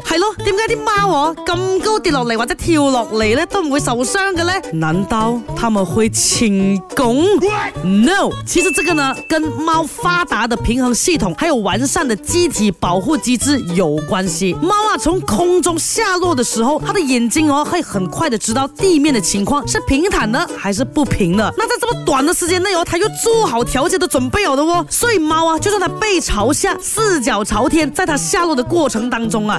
係、哦、咯，點解啲貓哦、啊、咁高跌落嚟或者跳落嚟咧都唔會受傷嘅咧？難道他們會輕功？No，其實這個呢跟貓發達的平衡系統，還有完善的機體保護機制有關係。貓啊從空中下落的時候，它的眼睛哦、啊、會很快的知道地面的情況是平坦呢還是不平的。那在這麼短的時間內哦、啊，它又做好調節的準備好了喎、哦。所以貓啊，就算它背朝下，四腳朝天，在它下落的過程當中啊，